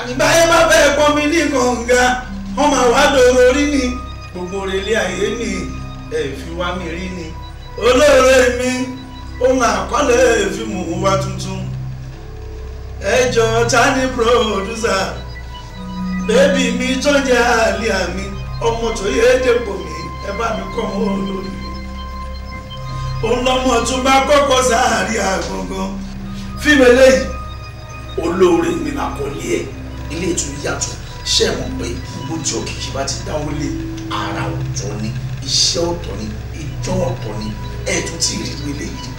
àgbáyé má fẹ́ pọnmi ní kànga wọ́n máa wá dòrò orí ni gbogbo relé ayé ni ẹ fi wá mi rí ni olóore mi ohun àkọlé fi mú wá tuntun ẹ jọ tani producer bébì mi tó jẹ́ àlè àmì ọmọ tó yẹ dépò mi ẹ bá mi kọ́ mọ́ olórí òun lọ́mọ tún bá kọ́kọ́ sáàárín àgbọ̀ngàn fíìmù eléyìí olóore mi làkọ́lé ẹ̀ ilé ìtú yàtọ̀ ṣé ẹ mọ̀ pé gbogbo tí òkìkí bá ti dáwọ́ lé ara ọ̀tọ̀ ni iṣẹ́ ọ̀tọ̀ ni ìjọ ọ̀tọ̀ ni ẹ̀ tún ti rí ilé yìí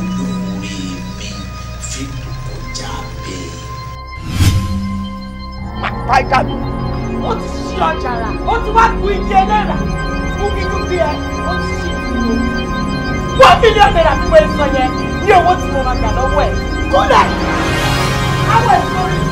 olórí mi fi kọjá bẹ́ẹ̀. pàjá mi ó ti ṣí ọjà rà ó ti wá kú ìdí ẹlẹ́rà fún mi ẹ ó ti ṣí ìdúró wọ́n mílíọ̀nù náírà tí mo ń sọ yẹn ní owó tí mo máa gbà lọ́wọ́ ẹ̀ kódà àwọn ẹ̀sùn orí mi.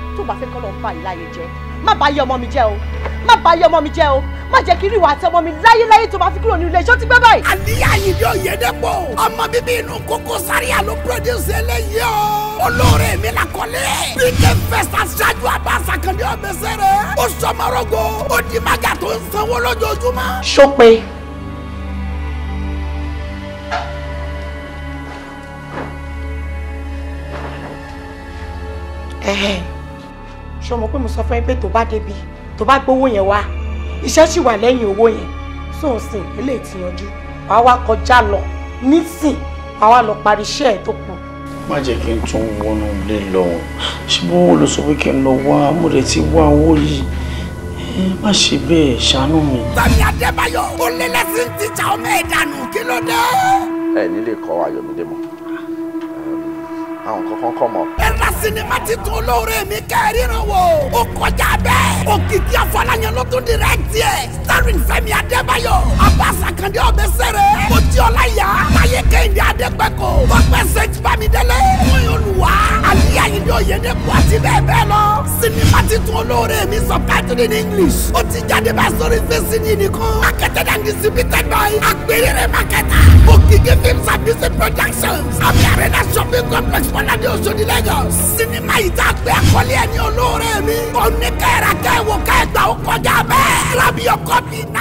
tó bá fẹ́ kọ́ lọ ń bá yìí láyé jẹ́ má bá yé ọmọ mi jẹ́ o má bá yé ọmọ mi jẹ́ o má jẹ́ kí ríwà àti ọmọ mi láyéláyé tó bá fi kúrò ní ilé iṣẹ́ ó ti gbé báyìí. àníyá yìí ni òye dẹ́pọ̀ ọmọ bíbí inú Koko Zaria ló pírọ́dúsì eléyìí o olóore mi la kọ́lé. bíkẹ́ fẹ́sà ṣáájú abáṣà kan ní ọmọ ẹsẹ̀ rẹ̀ ó sọmọ́rọ́gọ́ ó di mága tó ń sanwó lójoojúmọ́. ṣọpẹ́ ẹ̀hẹ̀ ṣé o mọ̀ pé mo sọ fún yín pé tó bá débi tó bá gbówó yẹn wá iṣẹ́ sì wà lẹ́yìn owó yẹn sóun sìn eléyìí ti yanjú wàá wá kọjá lọ nísìn wàá wá lọ parí iṣẹ́ ẹ̀ tó kù má jẹ́ kí n tún wọnú ilé lọ ṣùgbọ́n ó lọ sọ pé kí n lọ wá mo lè ti wá owó yìí má ṣe bẹ́ẹ̀ ṣàánú mi. Bàmí Adébáyọ̀ ó lé lẹ́sìn tíjà ọmọ ẹ̀dánù kí ló dé. ẹ nílé kọ́ Ayọ̀mídé mọ́ àwọn kankan kọ̀ mọ́. ẹ̀rọ sinimá ti tún olóore mi kẹ́rìnrán wo o kọjá bẹ́ẹ̀. òkìkí afọláyàn ló tún direct yẹ. starring Fẹ́mi Adébáyọ̀. abasa kandi ọbẹ̀ sẹ̀rẹ̀. mojì ọláyà. táyé kẹ́hìndé adẹ́gbẹ́kọ̀. bọ́pẹ́ sèche bámidélé. múyìn olùwà. àlíyá yìí ni òye dẹ́kun àti bẹ́ẹ̀ bẹ́ẹ̀ lọ. sinimá ti tún olóore mi subtitled in English. o ti jáde bá sórí fèsì ní nìkan. marketed and distributed by. Gbadege films and music productions àmì arena shopping complex Bọ́ládé Òṣòdì Lagos. sinimá yìí tá a gbé àkọlé ẹni olóore mi. oníkẹ́rẹ̀kẹ́ wò ká ẹgbàá ó kọjá bẹ́ẹ̀. rabi ọkọ mi náà.